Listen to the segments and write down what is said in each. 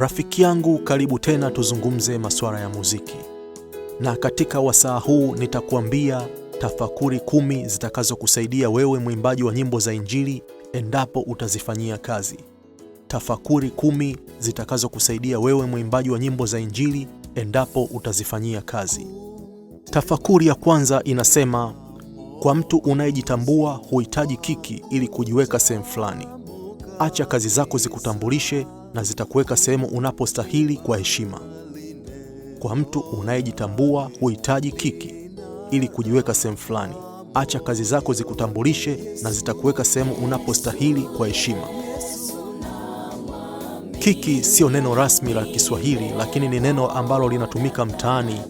Rafiki yangu, karibu tena tuzungumze masuala ya muziki, na katika wasaa huu nitakuambia tafakuri kumi zitakazokusaidia wewe mwimbaji wa nyimbo za Injili endapo utazifanyia kazi. Tafakuri kumi zitakazokusaidia wewe mwimbaji wa nyimbo za Injili endapo utazifanyia kazi. Tafakuri ya kwanza inasema, kwa mtu unayejitambua huhitaji kiki ili kujiweka sehemu fulani. Acha kazi zako zikutambulishe na zitakuweka sehemu unapostahili kwa heshima. Kwa mtu unayejitambua huhitaji kiki ili kujiweka sehemu fulani. Acha kazi zako zikutambulishe na zitakuweka sehemu unapostahili kwa heshima. Kiki sio neno rasmi la Kiswahili, lakini ni neno ambalo linatumika mtaani,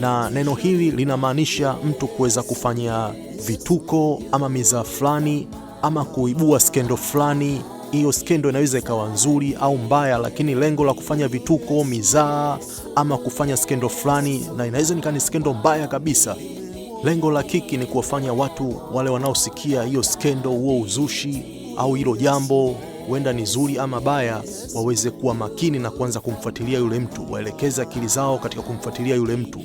na neno hili linamaanisha mtu kuweza kufanya vituko ama mizaa fulani ama kuibua skendo fulani hiyo skendo inaweza ikawa nzuri au mbaya, lakini lengo la kufanya vituko, mizaa ama kufanya skendo fulani, na inaweza nikani skendo mbaya kabisa, lengo la kiki ni kuwafanya watu wale wanaosikia hiyo skendo, huo uzushi au hilo jambo huenda ni zuri ama baya, waweze kuwa makini na kuanza kumfuatilia yule mtu, waelekeze akili zao katika kumfuatilia yule mtu,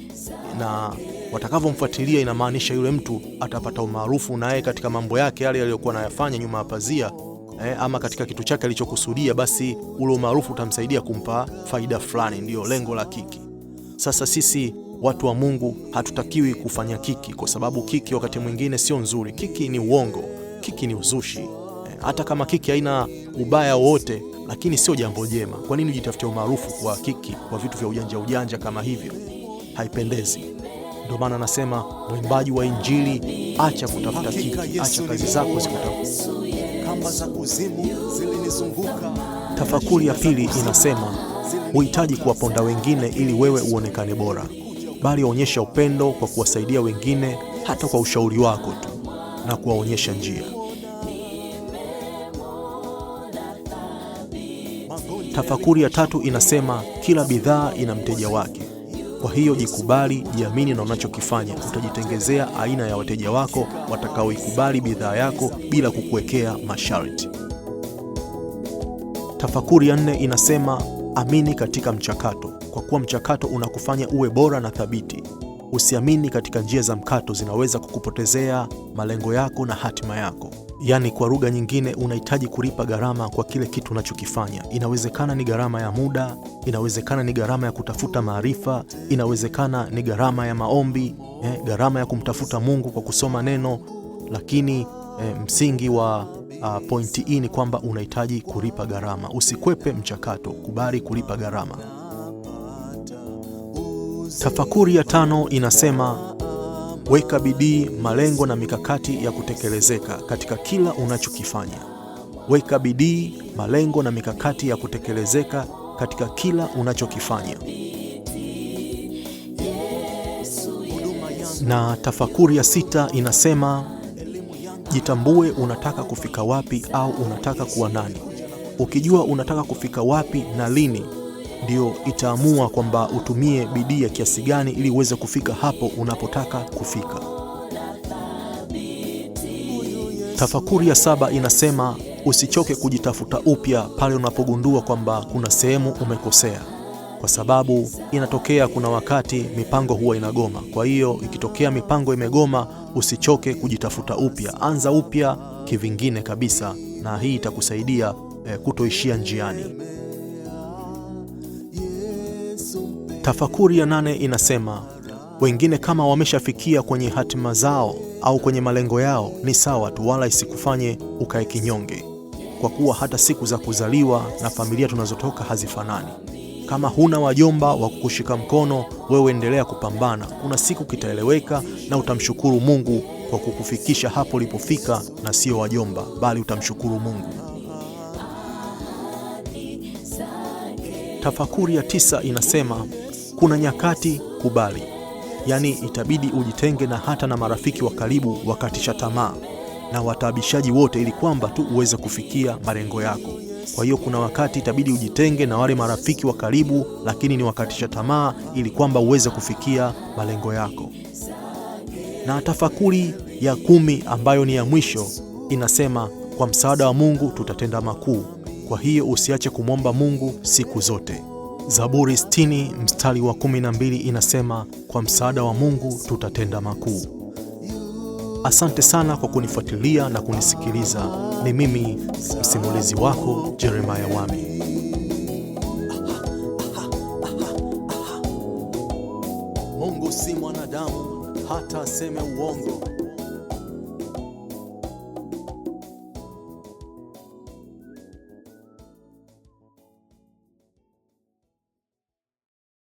na watakavyomfuatilia inamaanisha yule mtu atapata umaarufu naye katika mambo yake yale yaliyokuwa anayafanya nyuma ya pazia eh, ama katika kitu chake alichokusudia, basi ule umaarufu utamsaidia kumpa faida fulani. ndio lengo la kiki. Sasa sisi watu wa Mungu hatutakiwi kufanya kiki, kwa sababu kiki wakati mwingine sio nzuri. Kiki ni uongo, kiki ni uzushi. Eh, hata kama kiki haina ubaya wowote, lakini sio jambo jema. Kwa nini ujitafutia umaarufu kwa kiki, kwa vitu vya ujanja ujanja kama hivyo? Haipendezi. Ndio maana anasema mwimbaji wa Injili, acha kutafuta kiki, acha kazi zako zikutafuta kamba za kuzimu zilinizunguka. Tafakuri ya pili inasema huhitaji kuwaponda wengine ili wewe uonekane bora, bali waonyesha upendo kwa kuwasaidia wengine, hata kwa ushauri wako tu na kuwaonyesha njia. Tafakuri ya tatu inasema kila bidhaa ina mteja wake. Kwa hiyo jikubali, jiamini na unachokifanya, utajitengezea aina ya wateja wako watakaoikubali bidhaa yako bila kukuwekea masharti. Tafakuri ya nne inasema amini katika mchakato, kwa kuwa mchakato unakufanya uwe bora na thabiti. Usiamini katika njia za mkato, zinaweza kukupotezea malengo yako na hatima yako. Yaani, kwa lugha nyingine, unahitaji kulipa gharama kwa kile kitu unachokifanya. Inawezekana ni gharama ya muda, inawezekana ni gharama ya kutafuta maarifa, inawezekana ni gharama ya maombi eh, gharama ya kumtafuta Mungu kwa kusoma neno, lakini eh, msingi wa uh, pointi hii ni kwamba unahitaji kulipa gharama. Usikwepe mchakato, kubali kulipa gharama. Tafakuri ya tano inasema Weka bidii, malengo na mikakati ya kutekelezeka katika kila unachokifanya. Weka bidii, malengo na mikakati ya kutekelezeka katika kila unachokifanya. Na tafakuri ya sita inasema jitambue, unataka kufika wapi au unataka kuwa nani. Ukijua unataka kufika wapi na lini ndio itaamua kwamba utumie bidii ya kiasi gani ili uweze kufika hapo unapotaka kufika. Tafakuri ya saba inasema usichoke kujitafuta upya pale unapogundua kwamba kuna sehemu umekosea, kwa sababu inatokea, kuna wakati mipango huwa inagoma. Kwa hiyo ikitokea mipango imegoma, usichoke kujitafuta upya, anza upya kivingine kabisa, na hii itakusaidia eh, kutoishia njiani. Tafakuri ya nane inasema wengine kama wameshafikia kwenye hatima zao au kwenye malengo yao ni sawa tu, wala isikufanye ukae kinyonge, kwa kuwa hata siku za kuzaliwa na familia tunazotoka hazifanani. Kama huna wajomba wa kukushika mkono, wewe endelea kupambana. Kuna siku kitaeleweka na utamshukuru Mungu kwa kukufikisha hapo ulipofika, na sio wajomba, bali utamshukuru Mungu. Tafakuri ya tisa inasema kuna nyakati kubali, yaani itabidi ujitenge na hata na marafiki wa karibu wakatisha tamaa na wataabishaji wote, ili kwamba tu uweze kufikia malengo yako. Kwa hiyo kuna wakati itabidi ujitenge na wale marafiki wa karibu, lakini ni wakatisha tamaa, ili kwamba uweze kufikia malengo yako. Na tafakuri ya kumi ambayo ni ya mwisho inasema, kwa msaada wa Mungu tutatenda makuu. Kwa hiyo usiache kumwomba Mungu siku zote. Zaburi 60 mstari wa 12 inasema, kwa msaada wa Mungu tutatenda makuu. Asante sana kwa kunifuatilia na kunisikiliza. Ni mimi msimulizi wako Jeremaya Wami. Mungu si mwanadamu hata aseme uongo.